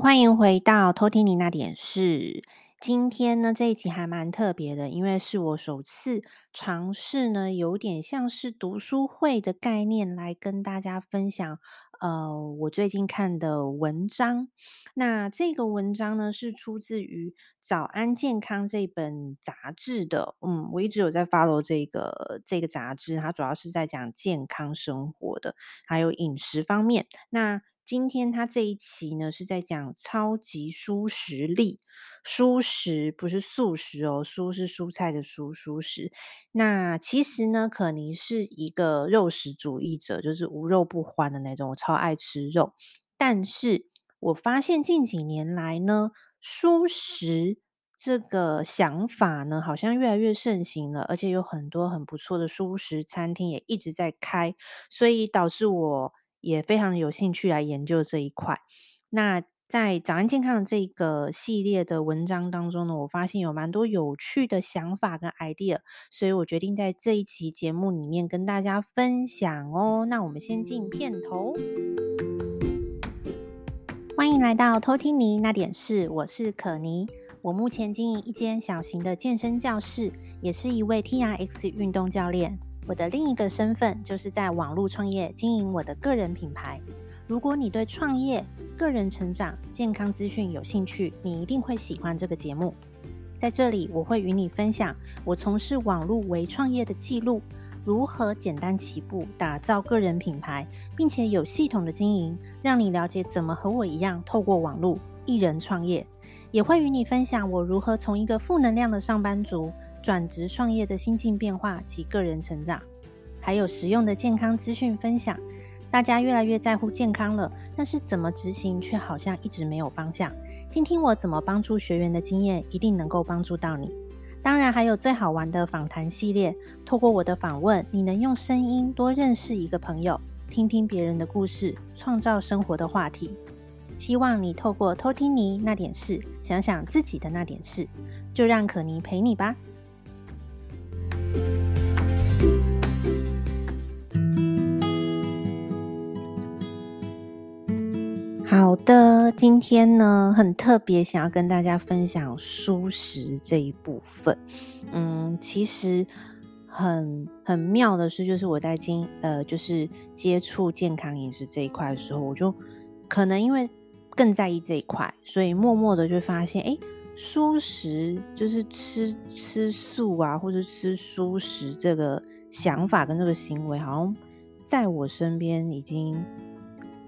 歡迎回到偷聽妮那點事。今天呢，這一集還蠻特別的，因為是我首次嘗試呢，有點像是讀書會的概念來跟大家分享。呃，我最近看的文章，那這個文章呢是出自於《早安健康》這本雜誌的。嗯，我一直有在 follow 這個這個雜誌，它主要是在講健康生活的，還有飲食方面。那今天他這一期呢是在講超級蔬食力，蔬食不是素食哦，蔬是蔬菜的蔬，蔬食。那其實呢，可妮是一個肉食主義者，就是無肉不歡的那種。我超愛吃肉，但是我發現近幾年來呢，蔬食這個想法呢，好像越來越盛行了，而且有很多很不錯的蔬食餐廳也一直在開，所以導致我也非常有興趣來研究這一塊。那在早安健康的這個系列的文章當中呢，我發現有蠻多有趣的想法跟 idea，所以我決定在這一期節目裡面跟大家分享哦。那我們先進片頭。歡迎來到偷聽妮那點事，我是可妮。我目前經營一間小型的健身教室，也是一位 TRX 運動教練。我的另一個身份就是在網絡創業經營我的個人品牌。如果你對創業、個人成長、健康資訊有興趣，你一定會喜歡這個節目。在這裡，我會與你分享我從事網絡微創業的記錄，如何簡單起步打造個人品牌，並且有系統的經營，讓你了解怎麼和我一樣透過網絡一人創業。也會與你分享我如何從一個負能量的上班族。轉職創業的心境變化及個人成長，還有實用的健康資訊分享。大家越來越在乎健康了，但是怎麼執行卻好像一直沒有方向。聽聽我怎麼幫助學員的經驗，一定能夠幫助到你。當然，還有最好玩的訪談系列，透過我的訪問，你能用聲音多認識一個朋友，聽聽別人的故事，創造生活的話題。希望你透過偷聽妮那點事，想想自己的那點事，就讓可妮陪你吧。的今天呢，很特別，想要跟大家分享蔬食這一部分。嗯，其實很很妙的是，就是我在今呃，就是接觸健康飲食這一塊的時候，我就可能因為更在意這一塊，所以默默的就發現，誒、欸，蔬食就是吃吃素啊，或者吃蔬食這個想法跟這個行為，好像在我身邊已經，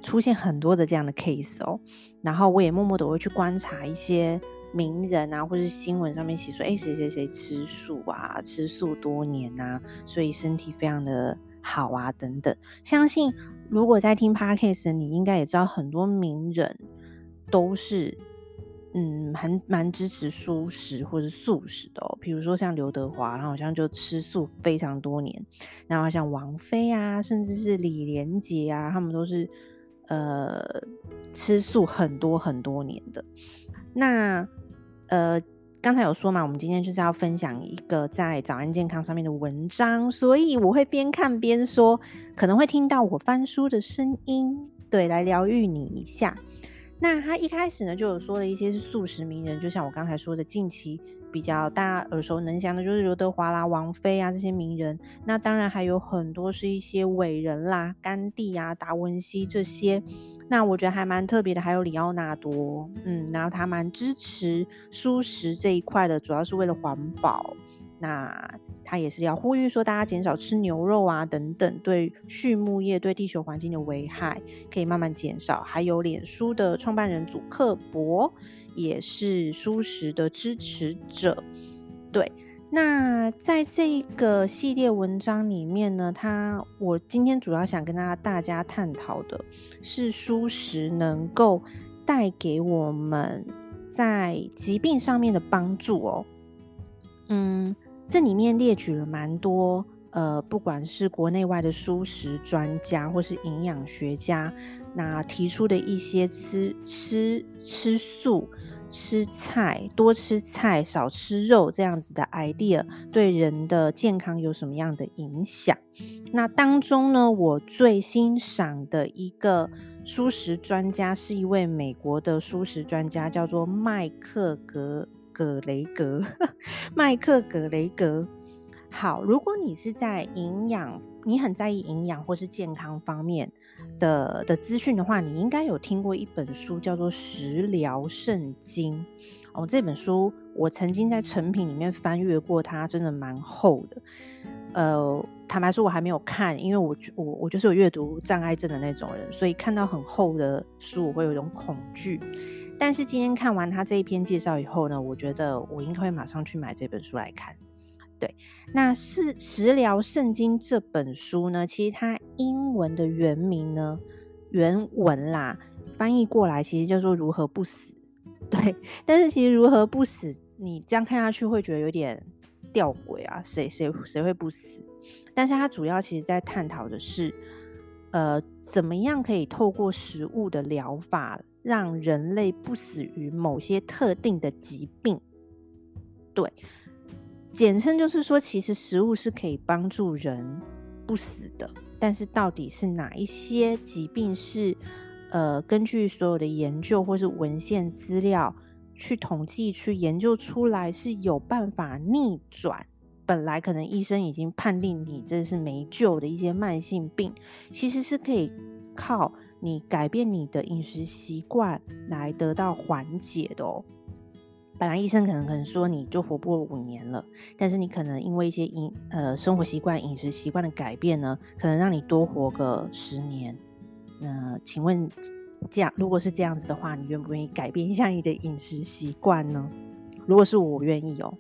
出現很多的這樣的 case 哦，然後我也默默的會去觀察一些名人啊，或者是新聞上面寫說，哎，誰誰誰吃素啊，吃素多年啊，所以身體非常的好啊，等等。相信如果在聽 podcast 的，你應該也知道很多名人都是，嗯，很蠻支持蔬食或者素食的哦。比如說像劉德華，然後好像就吃素非常多年，然後像王菲啊，甚至是李連杰啊，他們都是。呃，吃素很多很多年的，那呃，剛才有說嘛，我們今天就是要分享一個在早安健康上面的文章，所以我會邊看邊說，可能會聽到我翻書的聲音，對，來療癒你一下。那他一開始呢，就有說了一些是素食名人，就像我剛才說的，近期比較大家耳熟能詳的，就是劉德華啦、王菲啊這些名人。那當然還有很多是一些偉人啦，甘地啊、達文西這些。那我覺得還蠻特別的，還有李奧納多，嗯，然後他蠻支持素食這一塊的，主要是為了環保。那他也是要呼籲說，大家減少吃牛肉啊等等，對畜牧業、對地球環境的危害可以慢慢減少。還有臉書的創辦人祖克柏也是蔬食的支持者。對，那在這個系列文章裡面呢，他我今天主要想跟大家大家探討的是，蔬食能夠帶給我們在疾病上面的幫助哦。嗯。這裡面列舉了蠻多，呃，不管是國內外的蔬食專家或是營養學家，那提出的一些吃吃吃素、吃菜、多吃菜、少吃肉這樣子的 idea，對人的健康有什麼樣的影響？那當中呢，我最欣賞的一個蔬食專家是一位美國的蔬食專家，叫做麥克格。葛雷格，麥克葛雷格。好，如果你是在營養，你很在意營養或是健康方面的的資訊的話，你應該有聽過一本書叫做《食療聖經》哦。這本書我曾經在誠品裡面翻閱過它，它真的蠻厚的。呃，坦白說，我還沒有看，因為我我我就是有閱讀障礙症的那種人，所以看到很厚的書，我會有一種恐懼。但是今天看完他這一篇介紹以後呢，我覺得我應該會馬上去買這本書來看。對，那是《食療聖經》這本書呢，其實它英文的原名呢，原文啦翻譯過來其實就說“如何不死”。對，但是其實“如何不死”你這樣看下去會覺得有點吊詭啊，誰誰誰會不死？但是他主要其實在探討的是，呃，怎麼樣可以透過食物的療法。讓人類不死於某些特定的疾病，對，簡稱就是說，其實食物是可以幫助人不死的。但是到底是哪一些疾病是，呃，根據所有的研究或是文獻資料去統計去研究出來是有辦法逆轉，本來可能醫生已經判定你這是沒救的一些慢性病，其實是可以靠。你改變你的飲食習慣來得到緩解的哦。本來醫生可能可能說你就活不過五年了，但是你可能因為一些飲呃、生活習慣、飲食習慣的改變呢，可能讓你多活個十年。那、呃、請問這樣，如果是這樣子的話，你願不願意改變一下你的飲食習慣呢？如果是我，願意哦。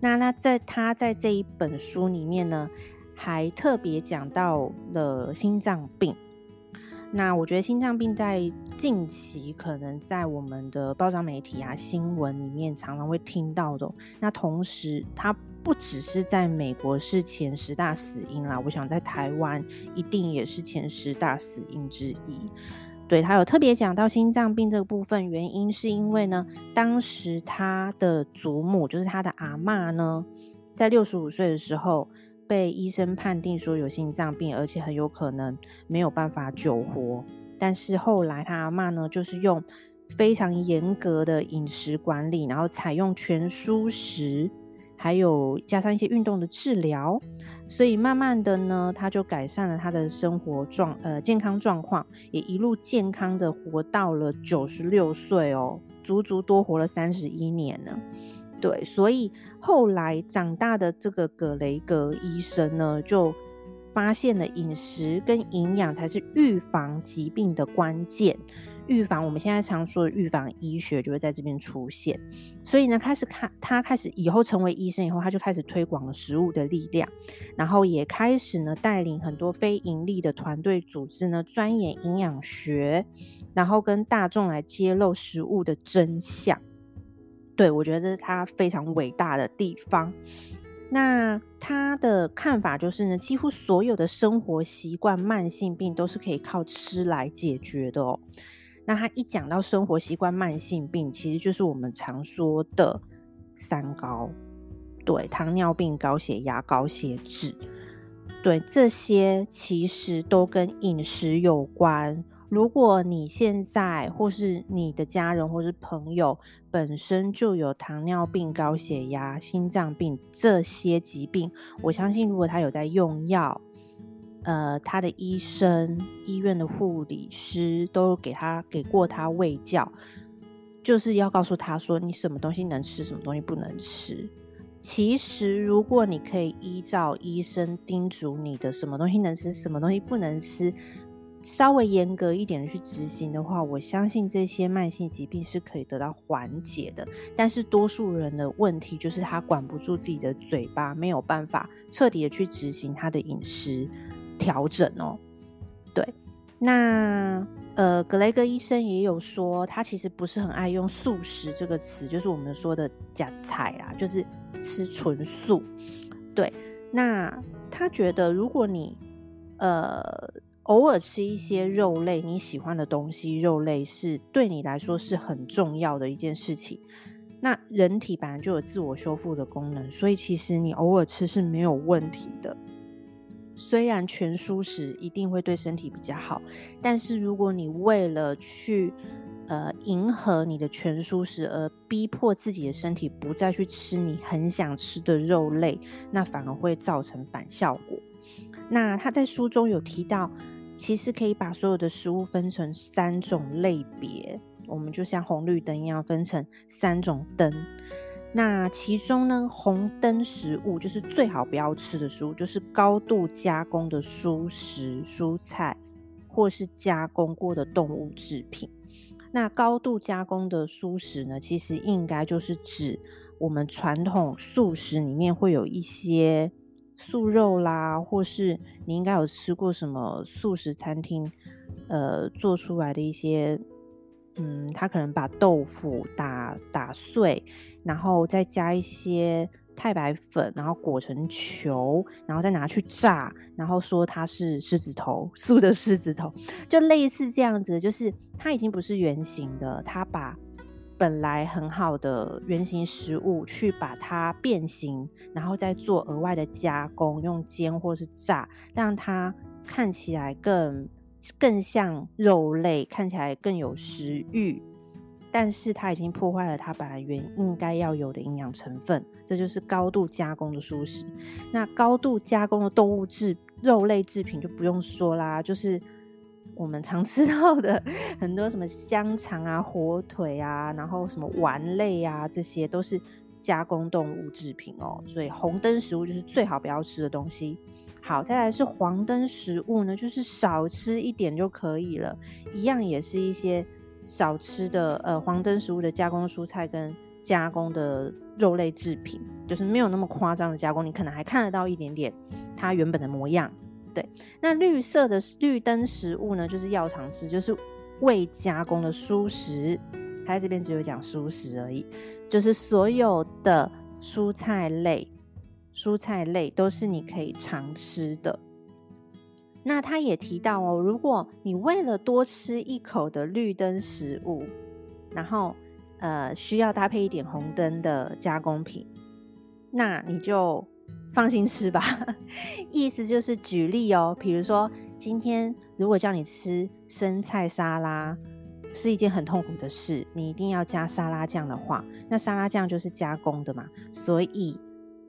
那那在他在這一本書裡面呢，還特別講到了心臟病。那我覺得心臟病在近期可能在我們的報章、媒體啊、新聞裡面常常會聽到的。那同時，它不只是在美國是前十大死因啦，我想在台灣一定也是前十大死因之一。對，他有特別講到心臟病這個部分，原因是因為呢，當時他的祖母，就是他的阿嬤呢，在六十五歲的時候。被醫生判定說有心臟病，而且很有可能沒有辦法救活。但是後來他阿嬤呢，就是用非常嚴格的飲食管理，然後採用全蔬食，還有加上一些運動的治療，所以慢慢的呢，他就改善了他的生活狀、呃、健康狀況，也一路健康的活到了九十六歲哦，足足多活了三十一年呢。對，所以後來長大的這個葛雷格醫生呢，就發現了飲食跟營養才是預防疾病的關鍵。預防我們現在常說的預防醫學就會在這邊出現。所以呢，開始看他，他開始以後成為醫生以後，他就開始推廣了食物的力量，然後也開始呢，帶領很多非營利的團隊組織呢鑽研營養學，然後跟大眾來揭露食物的真相。對，我覺得這是他非常偉大的地方。那他的看法就是呢，幾乎所有的生活習慣慢性病都是可以靠吃來解決的哦。那他一講到生活習慣慢性病，其實就是我們常說的三高，對，糖尿病、高血壓、高血脂，對，這些其實都跟飲食有關。如果你現在或是你的家人或是朋友本身就有糖尿病、高血壓、心臟病這些疾病，我相信如果他有在用藥，呃，他的醫生、醫院的護理師都給他給過他衛教，就是要告訴他說，你什麼東西能吃，什麼東西不能吃。其實如果你可以依照醫生叮囑你的，什麼東西能吃，什麼東西不能吃。稍微嚴格一點的去執行的話，我相信這些慢性疾病是可以得到緩解的。但是多數人的問題就是他管不住自己的嘴巴，沒有辦法徹底的去執行他的飲食調整哦。對，那呃，葛雷格醫生也有說，他其實不是很愛用素食這個詞，就是我們說的假菜啊，就是吃純素。對，那他覺得如果你呃。偶爾吃一些肉類，你喜歡的東西，肉類是對你來說是很重要的一件事情。那人體本來就有自我修復的功能，所以其實你偶爾吃是沒有問題的。雖然全蔬食一定會對身體比較好，但是如果你為了去呃迎合你的全蔬食而逼迫自己的身體不再去吃你很想吃的肉類，那反而會造成反效果。那他在書中有提到。其實可以把所有的食物分成三種類別，我們就像紅綠燈一樣分成三種燈。那其中呢，紅燈食物就是最好不要吃的食物，就是高度加工的蔬食、蔬菜，或是加工過的動物製品。那高度加工的蔬食呢，其實應該就是指我們傳統素食裡面會有一些。素肉啦，或是你應該有吃過什麼素食餐廳，呃，做出來的一些，嗯，他可能把豆腐打打碎，然後再加一些太白粉，然後裹成球，然後再拿去炸，然後說它是獅子頭，素的獅子頭，就類似這樣子，就是它已經不是圓形的，它把。本來很好的原型食物，去把它變形，然後再做額外的加工，用煎或是炸，讓它看起來更更像肉類，看起來更有食欲，但是它已經破壞了它本來原應該要有的營養成分，這就是高度加工的蔬食。那高度加工的動物製肉類製品就不用說啦，就是。我們常吃到的很多什麼香腸啊、火腿啊，然後什麼丸類啊，這些都是加工動物製品哦。所以紅燈食物就是最好不要吃的東西。好，再來是黃燈食物呢，就是少吃一點就可以了，一樣也是一些少吃的呃黃燈食物的加工蔬菜跟加工的肉類製品，就是沒有那麼誇張的加工，你可能還看得到一點點它原本的模樣。對，那綠色的綠燈食物呢，就是要常吃，就是未加工的蔬食。他這邊只有講蔬食而已，就是所有的蔬菜類、蔬菜類都是你可以常吃的。那他也提到哦，如果你為了多吃一口的綠燈食物，然後呃需要搭配一點紅燈的加工品，那你就。放心吃吧，意思就是舉例哦。比如說，今天如果叫你吃生菜沙拉，是一件很痛苦的事。你一定要加沙拉醬的話，那沙拉醬就是加工的嘛。所以，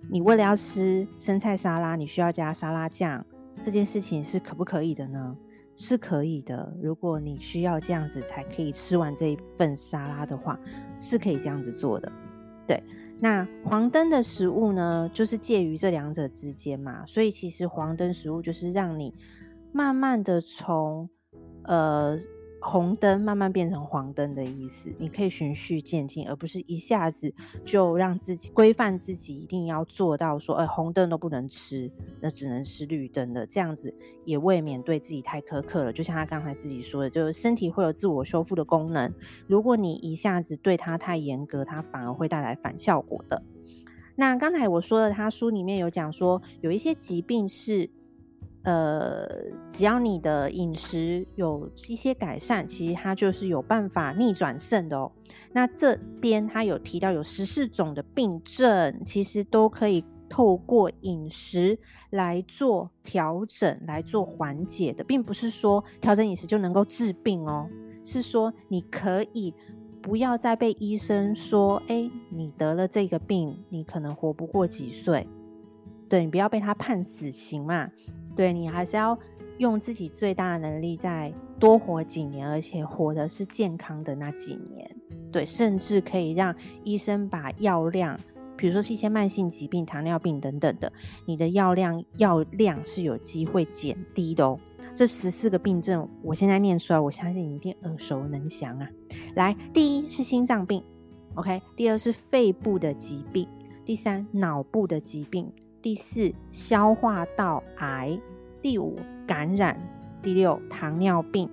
你為了要吃生菜沙拉，你需要加沙拉醬，這件事情是可不可以的呢？是可以的。如果你需要這樣子才可以吃完這一份沙拉的話，是可以這樣子做的，對。那黃燈的食物呢，就是介於這兩者之間嘛，所以其實黃燈食物就是讓你慢慢的從，呃。紅燈慢慢變成黃燈的意思，你可以循序漸進，而不是一下子就讓自己規範自己，一定要做到說，呃、欸，紅燈都不能吃，那只能吃綠燈的，這樣子也未免對自己太苛刻了。就像他剛才自己說的，就是身體會有自我修復的功能，如果你一下子對他太嚴格，他反而會帶來反效果的。那剛才我說的，他書裡面有講說，有一些疾病是。呃，只要你的飲食有一些改善，其實它就是有辦法逆轉勝的哦。那這邊它有提到有十四種的病症，其實都可以透過飲食來做調整、來做緩解的，並不是說調整飲食就能夠治病哦。是說你可以不要再被醫生說：“哎，你得了這個病，你可能活不過幾歲。”對，你不要被他判死刑嘛。對，你還是要用自己最大的能力再多活幾年，而且活得是健康的那幾年。對，甚至可以讓醫生把藥量，比如說是一些慢性疾病，糖尿病等等的，你的藥量藥量是有機會減低的哦。這十四個病症，我現在念出來，我相信你一定耳熟能詳啊。來，第一是心臟病，OK；第二是肺部的疾病；第三腦部的疾病。第四，消化道癌；第五，感染；第六，糖尿病；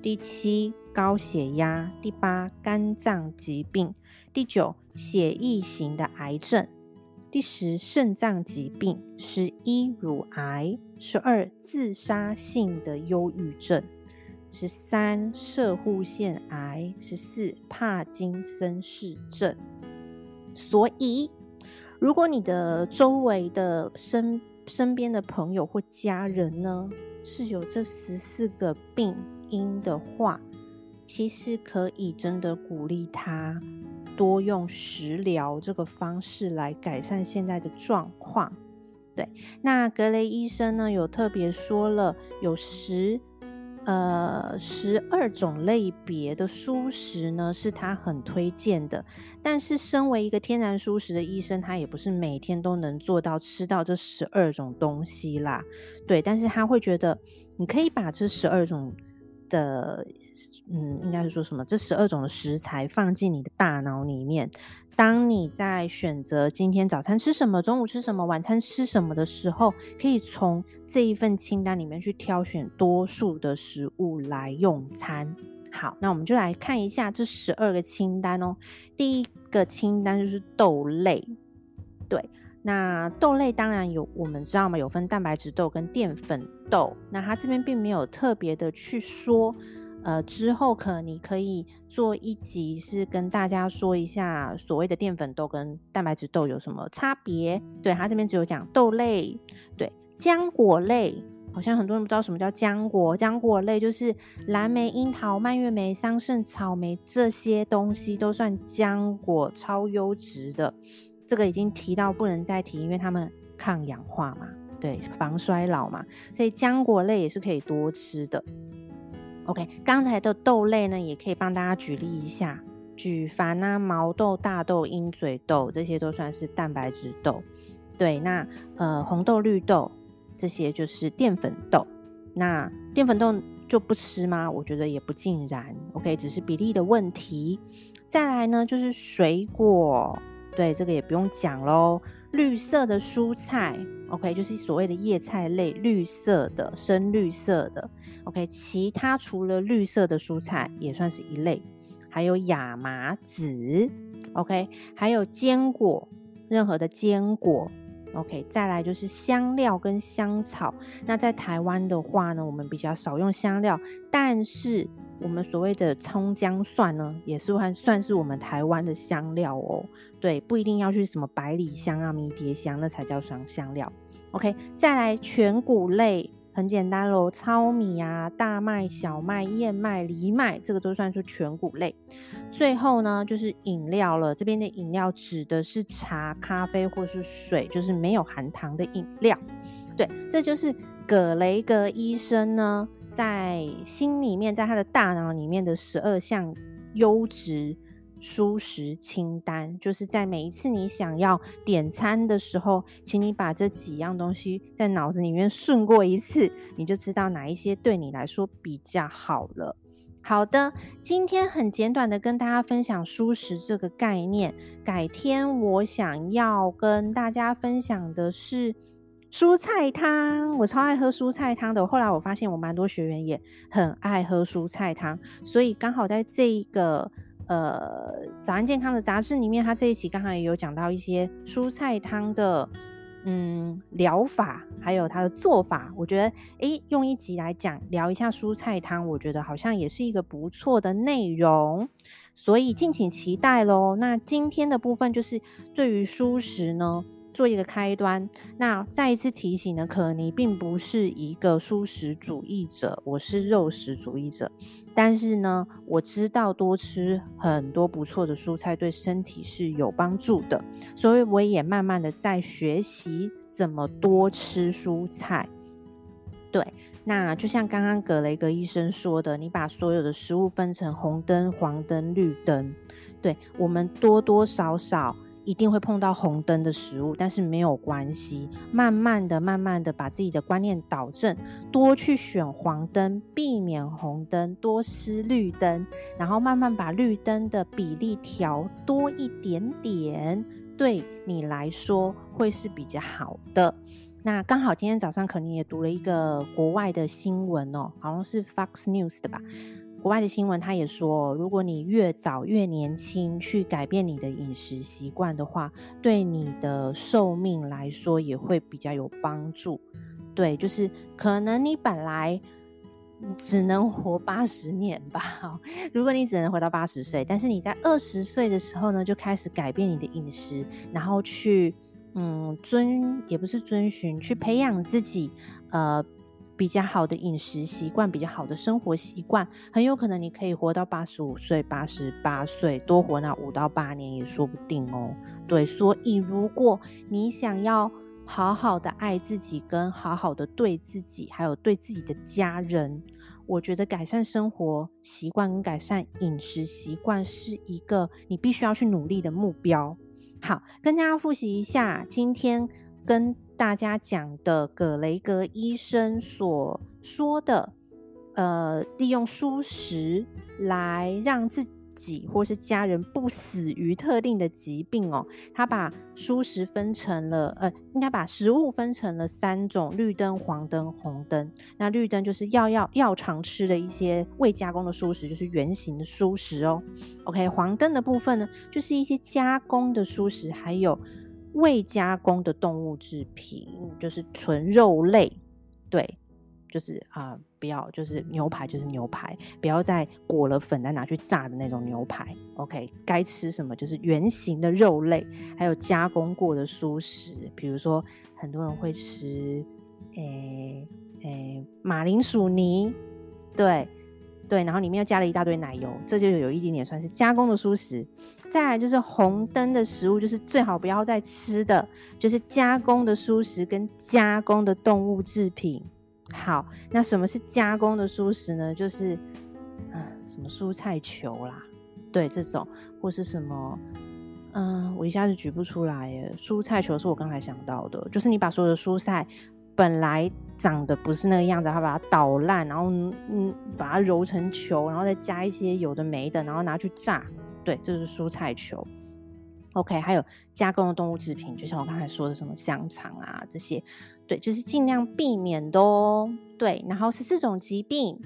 第七，高血壓；第八，肝臟疾病；第九，血液型的癌症；第十，腎臟疾病；十一，乳癌；十二，自殺性的憂鬱症；十三，攝護腺癌；十四，帕金森氏症。所以。如果你的周圍的身身邊的朋友或家人呢，是有這十四個病因的話，其實可以真的鼓勵他多用食療這個方式來改善現在的狀況。對，那格雷醫生呢有特別說了，有十。呃，十二種類別的蔬食呢，是他很推薦的。但是，身為一個天然蔬食的醫生，他也不是每天都能做到吃到這十二種東西啦。對，但是他會覺得，你可以把這十二種。的，嗯，應該是說什麼，這十二種的食材放進你的大腦裡面，當你在選擇今天早餐吃什麼、中午吃什麼、晚餐吃什麼的時候，可以從這一份清單裡面去挑選多數的食物來用餐。好，那我們就來看一下這十二個清單哦。第一個清單就是豆類，對。那豆類當然有，我們知道嘛，有分蛋白質豆跟澱粉豆。那它這邊並沒有特別的去說，呃，之後可能你可以做一集是跟大家說一下所謂的澱粉豆跟蛋白質豆有什麼差別。對，它這邊只有講豆類，對，漿果類，好像很多人不知道什麼叫漿果。漿果類就是藍莓、櫻桃、蔓越莓、桑葚、草莓這些東西都算漿果，超優質的。這個已經提到不能再提，因為他們抗氧化嘛，對，防衰老嘛，所以漿果類也是可以多吃的。OK，剛才的豆類呢，也可以幫大家舉例一下。舉凡啊毛豆、大豆、鷹嘴豆，這些都算是蛋白質豆。對，那呃紅豆、綠豆這些就是澱粉豆。那澱粉豆就不吃嗎？我覺得也不盡然。OK，只是比例的問題。再來呢，就是水果。對，這個也不用講嘍。綠色的蔬菜，OK，就是所謂的葉菜類，綠色的、深綠色的，OK。其他除了綠色的蔬菜也算是一類，還有亞麻籽，OK，還有堅果，任何的堅果，OK。再來就是香料跟香草。那在台灣的話呢，我們比較少用香料，但是我們所謂的蔥、薑、蒜呢，也是算算是我們台灣的香料哦。對，不一定要去什麼百里香啊、迷迭香，那才叫雙香料。OK，再來全穀類，很簡單嘍，糙米啊、大麥、小麥、燕麥、藜麥，這個都算作全穀類。最後呢，就是飲料了。這邊的飲料指的是茶、咖啡或是水，就是沒有含糖的飲料。對，這就是葛雷格醫生呢，在心裡面，在他的大腦裡面的十二項優質。蔬食清單，就是在每一次你想要點餐的時候，請你把這幾樣東西在腦子裡面順過一次，你就知道哪一些對你來說比較好了。好的，今天很簡短的跟大家分享蔬食這個概念。改天我想要跟大家分享的是蔬菜湯，我超愛喝蔬菜湯的。後來我發現我蠻多學員也很愛喝蔬菜湯，所以剛好在這一個。呃，早安健康的雜誌裡面，它這一集剛好也有講到一些蔬菜湯的，嗯，療法還有它的做法。我覺得，哎、欸，用一集來講聊一下蔬菜湯，我覺得好像也是一個不錯的內容，所以敬請期待咯。那今天的部分就是對於蔬食呢做一個開端。那再一次提醒呢，可妮並不是一個蔬食主義者，我是肉食主義者。但是呢，我知道多吃很多不錯的蔬菜對身體是有幫助的，所以我也慢慢的在學習怎麼多吃蔬菜。對，那就像剛剛葛雷格醫生說的，你把所有的食物分成紅燈、黃燈、綠燈，對，我們多多少少。一定會碰到紅燈的食物，但是沒有關係，慢慢的、慢慢的把自己的觀念導正，多去選黃燈，避免紅燈，多吃綠燈，然後慢慢把綠燈的比例調多一點點，對你來說會是比較好的。那剛好今天早上可能也讀了一個國外的新聞哦，好像是 Fox News 的吧。國外的新聞，他也說，如果你越早越年輕去改變你的飲食習慣的話，對你的壽命來說也會比較有幫助。對，就是可能你本來只能活八十年吧， 如果你只能活到八十歲，但是你在二十歲的時候呢，就開始改變你的飲食，然後去嗯遵，也不是遵循，去培養自己呃。比較好的飲食習慣，比較好的生活習慣，很有可能你可以活到八十五歲、八十八歲，多活那五到八年也說不定哦。對，所以如果你想要好好的愛自己，跟好好的對自己，還有對自己的家人，我覺得改善生活習慣跟改善飲食習慣是一個你必須要去努力的目標。好，跟大家複習一下今天跟大家講的葛雷格醫生所說的，呃，利用蔬食來讓自己或是家人不死於特定的疾病哦。他把蔬食分成了，呃，應該把食物分成了三種：綠燈、黃燈、紅燈。那綠燈就是要要要常吃的一些未加工的蔬食，就是原型的蔬食哦。OK，黃燈的部分呢，就是一些加工的蔬食，還有。未加工的動物製品就是純肉類，對，就是啊、呃，不要就是牛排就是牛排，不要再裹了粉來拿去炸的那種牛排。OK，該吃什麼就是原型的肉類，還有加工過的蔬食，比如說很多人會吃，誒、欸、誒、欸，馬鈴薯泥，對。對，然後裡面又加了一大堆奶油，這就有一點點算是加工的蔬食。再來就是紅燈的食物，就是最好不要再吃的，就是加工的蔬食跟加工的動物製品。好，那什麼是加工的蔬食呢？就是，啊、嗯，什麼蔬菜球啦，對，這種或是什麼，嗯，我一下子舉不出來耶。蔬菜球是我剛才想到的，就是你把所有的蔬菜。本來長得不是那個樣子，他把它搗爛，然後嗯，把它揉成球，然後再加一些有的沒的，然後拿去炸，對，這是蔬菜球。OK，還有加工的動物製品，就像我剛才說的，什麼香腸啊這些，對，就是盡量避免的哦。對，然後十四種疾病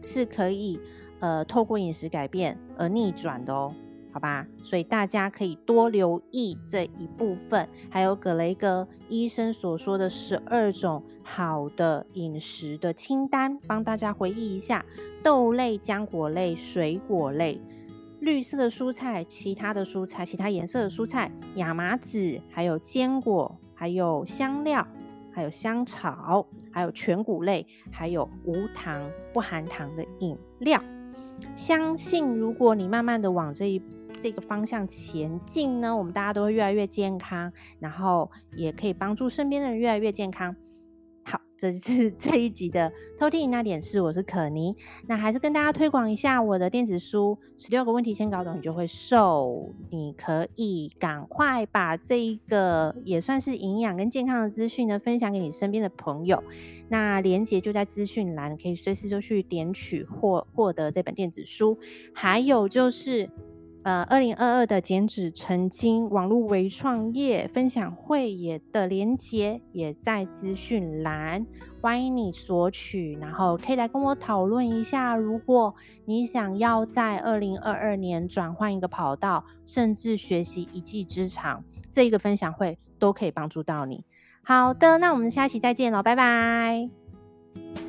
是可以呃透過飲食改變而逆轉的哦。好吧，所以大家可以多留意這一部分，還有葛雷格醫生所說的十二種好的飲食的清單，幫大家回憶一下：豆類、漿果類、水果類、綠色的蔬菜、其他的蔬菜、其他顏色的蔬菜、亞麻籽、還有堅果、還有香料、還有香草、還有全穀類、還有無糖不含糖的飲料。相信如果你慢慢的往這一。這個方向前進呢，我們大家都會越來越健康，然後也可以幫助身邊的人越來越健康。好，這是這一集的偷聽妮那點事，我是可妮。那還是跟大家推廣一下我的電子書《十六個問題先搞懂你就會瘦》，你可以趕快把這一個也算是營養跟健康的資訊呢，分享給你身邊的朋友。那連接就在資訊欄，可以隨時就去點取獲獲得這本電子書。還有就是。呃，二零二二的減脂成金網絡微創業分享會也的連接也在資訊欄，歡迎你索取，然後可以來跟我討論一下。如果你想要在二零二二年轉換一個跑道，甚至學習一技之長，這一個分享會都可以幫助到你。好的，那我們下期再見嘍，拜拜。